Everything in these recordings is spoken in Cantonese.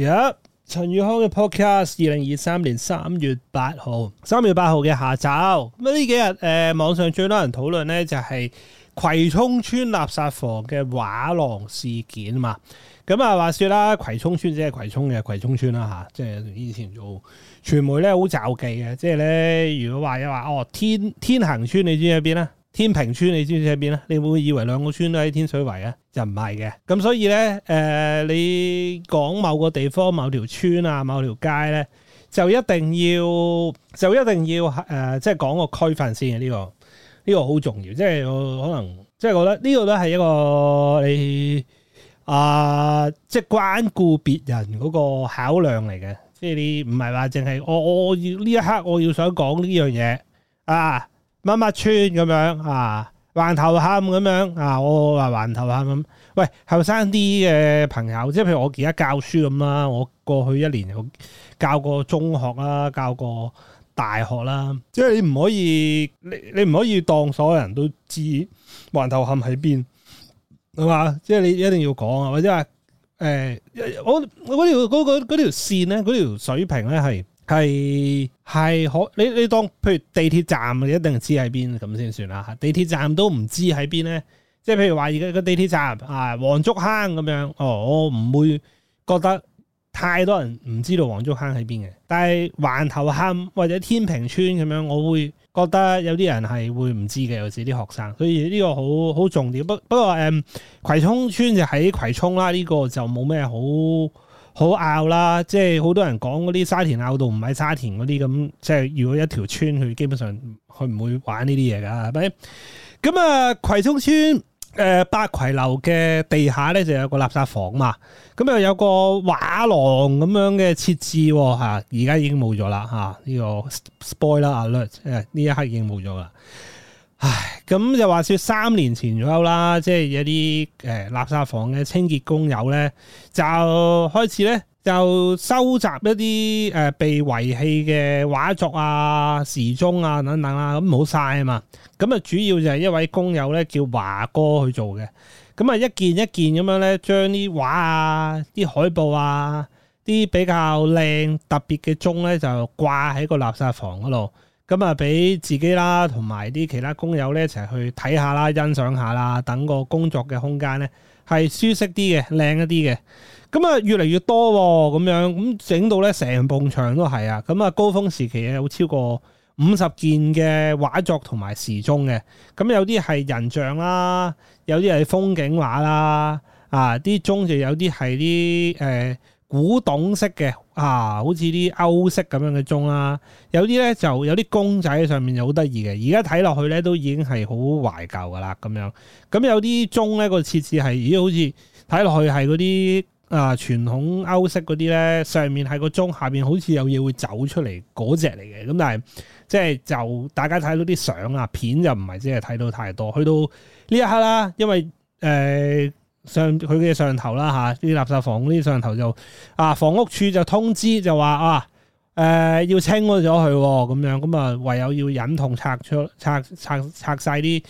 有陳宇康嘅 Podcast，二零二三年三月八號，三月八號嘅下晝。咁呢幾日誒、呃、網上最多人討論呢就係、是、葵涌村垃圾房嘅畫廊事件啊嘛。咁、嗯、啊話說啦，葵涌村即係葵涌嘅葵涌村啦、啊、吓、啊，即係以前做傳媒咧好找忌嘅，即係咧如果話又話哦，天天恒村你知喺邊啦。天平村你知唔知喺邊咧？你會唔會以為兩個村都喺天水圍啊？就唔係嘅。咁所以咧，誒、呃，你講某個地方、某條村啊、某條街咧，就一定要就一定要誒、呃，即係講個區份先嘅呢、這個呢、這個好重要。即係我可能即係我覺得呢個都係一個你啊、呃，即係關顧別人嗰個考量嚟嘅。即係你唔係話淨係我我要呢一刻我要想講呢樣嘢啊。乜乜村咁樣啊，橫頭磡咁樣啊，我話橫頭磡咁。喂，後生啲嘅朋友，即係譬如我而家教書咁啦，我過去一年教過中學啦，教過大學啦，即係你唔可以，你你唔可以當所有人都知橫頭磡喺邊係嘛？即係你一定要講啊，或者話誒、欸，我我嗰條嗰個條綫咧，嗰條水平咧係。係係可你你當，譬如地鐵站你一定知喺邊，咁先算啦。地鐵站都唔知喺邊咧，即係譬如話而家個地鐵站啊，黃竹坑咁樣，哦，我唔會覺得太多人唔知道黃竹坑喺邊嘅。但係環頭坑或者天平村咁樣，我會覺得有啲人係會唔知嘅，有時啲學生。所以呢個好好重點。不不過誒、嗯，葵涌村就喺葵涌啦，呢、這個就冇咩好。好拗啦，即係好多人講嗰啲沙田拗到唔係沙田嗰啲咁，即係如果一條村佢基本上佢唔會玩呢啲嘢噶。咁啊、嗯，葵涌村誒，八、呃、葵樓嘅地下咧就有個垃圾房嘛，咁、嗯、又有個畫廊咁樣嘅設置吓，而、啊、家已經冇咗啦吓，呢個 spoiler alert，呢、這個啊、一刻已經冇咗啦，唉。咁就話說三年前左右啦，即係一啲誒垃圾房嘅清潔工友咧，就開始咧就收集一啲誒被遺棄嘅畫作啊、時鐘啊等等啊。咁冇晒啊嘛。咁啊，主要就係一位工友咧叫華哥去做嘅。咁啊，一件一件咁樣咧，將啲畫啊、啲海報啊、啲比較靚特別嘅鐘咧，就掛喺個垃圾房嗰度。咁啊，俾自己啦，同埋啲其他工友咧一齊去睇下啦，欣賞下啦，等個工作嘅空間咧係舒適啲嘅，靚一啲嘅。咁啊，越嚟越多咁樣，咁整到咧成埲牆都係啊。咁啊，高峰時期有超過五十件嘅畫作同埋時鐘嘅。咁有啲係人像啦，有啲係風景畫啦，啊，啲鐘就有啲係啲誒。呃古董式嘅啊，好似啲歐式咁樣嘅鐘啦、啊，有啲咧就有啲公仔喺上面，就好得意嘅。而家睇落去咧，都已經係好懷舊噶啦咁樣。咁有啲鐘咧、那個設置係，咦？好似睇落去係嗰啲啊傳統歐式嗰啲咧，上面係個鐘，下面好似有嘢會走出嚟嗰隻嚟嘅。咁、那個、但係即係就，是、就大家睇到啲相啊片，片就唔係即係睇到太多。去到呢一刻啦，因為誒。呃上佢嘅上頭啦吓，啲垃圾房嗰啲上頭就啊，房屋處就通知就話啊，誒、呃、要清咗佢咁樣，咁啊唯有要忍痛拆出拆拆拆晒啲誒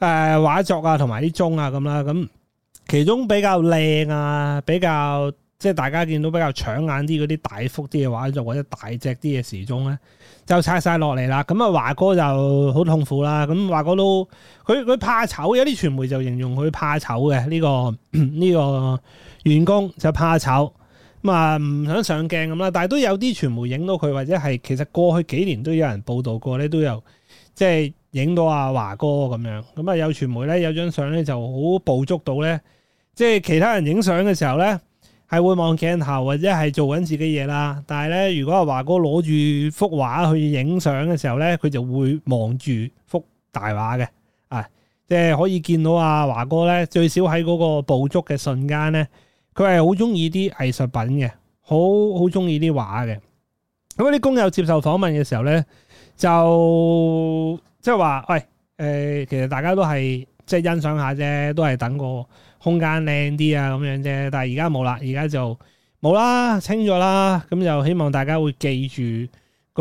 畫作啊，同埋啲鐘啊咁啦，咁其中比較靚啊，比較。即係大家見到比較搶眼啲嗰啲大幅啲嘅畫作，又或者大隻啲嘅時鐘咧，就拆晒落嚟啦。咁啊，華哥就好痛苦啦。咁華哥都佢佢怕醜，有啲傳媒就形容佢怕醜嘅呢、呢個呢、 呢個員工就怕醜。咁啊唔想上鏡咁啦，但係都有啲傳媒影到佢，或者係其實過去幾年都有人報道過咧，都有即係影到阿華哥咁樣。咁啊有傳媒咧，有張相咧就好捕捉到咧，即係其他人影相嘅時候咧。係會望鏡頭或者係做緊自己嘢啦，但係咧，如果阿華哥攞住幅畫去影相嘅時候咧，佢就會望住幅大畫嘅，啊，即係可以見到啊，華哥咧最少喺嗰個捕捉嘅瞬間咧，佢係好中意啲藝術品嘅，好好中意啲畫嘅。咁啲工友接受訪問嘅時候咧，就即係話，喂，誒、呃，其實大家都係即係欣賞下啫，都係等個。空間靚啲啊咁樣啫，但係而家冇啦，而家就冇啦，清咗啦。咁就希望大家會記住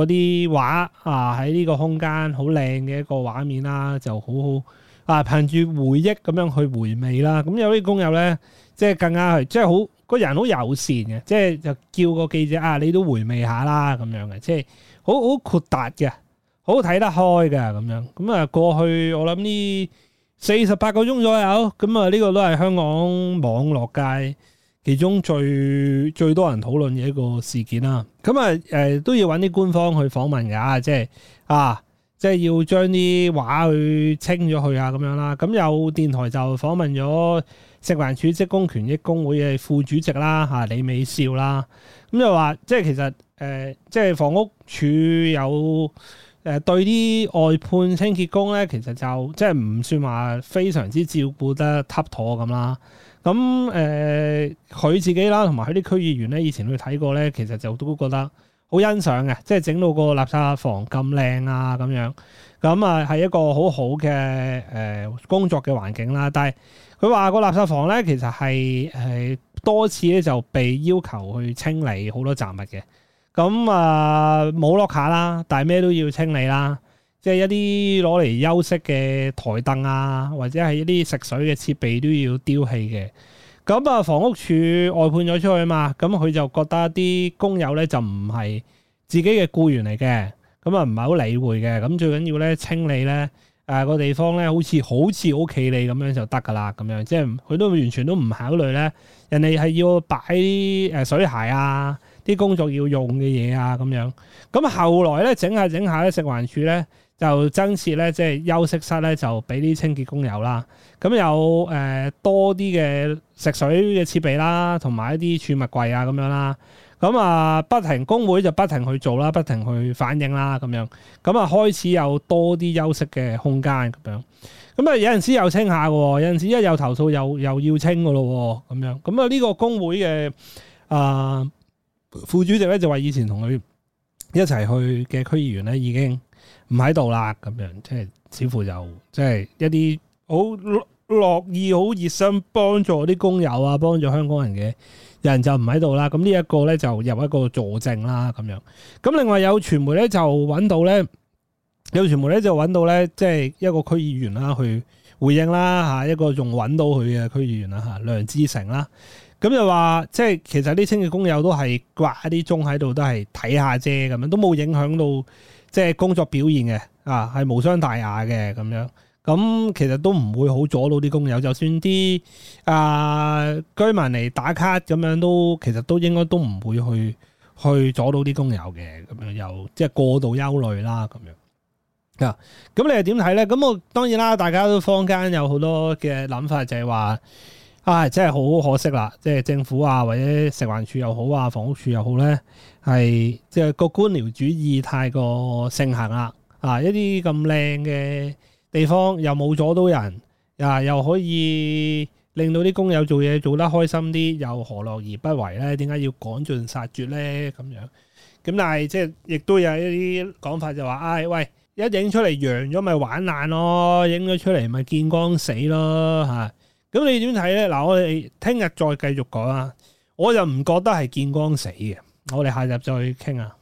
嗰啲畫啊，喺呢個空間好靚嘅一個畫面啦，就好好啊，憑住回憶咁樣去回味啦。咁有啲工友咧，即係更加係即係好個人好友善嘅，即係就叫個記者啊，你都回味下啦咁樣嘅，即係好好豁達嘅，好睇得開嘅咁樣。咁啊過去我諗呢～四十八個鐘左右，咁啊呢個都係香港網絡界其中最最多人討論嘅一個事件啦。咁啊誒都要揾啲官方去訪問噶、啊，即係啊即係要將啲話去清咗去啊咁樣啦。咁、嗯嗯、有電台就訪問咗食環署職工權益工會嘅副主席啦，吓、啊、李美笑啦。咁、嗯嗯、就話即係其實誒、呃、即係房屋署有。誒、呃、對啲外判清潔工咧，其實就即係唔算話非常之照顧得妥妥咁啦。咁誒佢自己啦，同埋佢啲區議員咧，以前去睇過咧，其實就都覺得好欣賞嘅，即係整到個垃圾房咁靚啊咁樣。咁啊係一個好好嘅誒工作嘅環境啦。但係佢話個垃圾房咧，其實係係多次咧就被要求去清理好多雜物嘅。咁啊冇落下啦，但係咩都要清理啦，即係一啲攞嚟休息嘅台凳啊，或者係一啲食水嘅設備都要丟棄嘅。咁、嗯、啊，房屋署外判咗出去嘛，咁、嗯、佢就覺得啲工友咧就唔係自己嘅僱員嚟嘅，咁啊唔係好理會嘅。咁、嗯、最緊要咧清理咧，誒、呃，個地方咧好似好似屋企你咁樣就得噶啦，咁樣即係佢都完全都唔考慮咧，人哋係要擺誒、呃、水鞋啊。啲工作要用嘅嘢啊，咁樣咁後來咧整，整，整下整下咧，食環署咧就增設咧即係休息室咧，就俾啲清潔工友啦。咁有誒、呃、多啲嘅食水嘅設備啦，同埋一啲儲物櫃啊咁樣啦。咁啊不停工會就不停去做啦，不停去反映啦咁樣。咁啊開始有多啲休息嘅空間咁樣。咁啊有陣時又清下嘅，有陣時一、哦、有，有投訴又又要清嘅咯咁樣。咁啊呢、呢個工會嘅啊～、呃副主席咧就話以前同佢一齊去嘅區議員咧已經唔喺度啦，咁樣即係似乎就即係、就是、一啲好樂意、好熱心幫助啲工友啊，幫助香港人嘅人就唔喺度啦。咁呢、這個、一個咧就入一個佐證啦，咁樣。咁另外有傳媒咧就揾到咧，有傳媒咧就揾到咧，即係、就是、一個區議員啦去回應啦吓，一個仲揾到佢嘅區議員啦吓，梁志成啦。咁又話，即係其實啲清潔工友都係刮一啲鐘喺度，都係睇下啫，咁樣都冇影響到即係工作表現嘅，啊，係無傷大雅嘅咁樣。咁其實都唔會好阻到啲工友，就算啲啊、呃、居民嚟打卡咁樣，都其實都應該都唔會去去阻到啲工友嘅，咁樣又即係過度憂慮啦，咁樣嗱。咁、啊、你係點睇咧？咁我當然啦，大家都坊間有好多嘅諗法，就係、是、話。啊、哎！真係好可惜啦，即係政府啊，或者食環署又好啊，房屋署又好咧，係即係個官僚主義太過盛行啦。啊！一啲咁靚嘅地方又冇阻到人，啊又可以令到啲工友做嘢做得開心啲，又何樂而不為咧？點解要趕盡殺絕咧？咁樣咁，但係即係亦都有一啲講法就話、是，唉、哎，喂，一影出嚟揚咗咪玩爛咯，影咗出嚟咪見光死咯，嚇、啊！咁你點睇咧？嗱，我哋聽日再繼續講啦。我就唔覺得係見光死嘅。我哋下集再傾啊。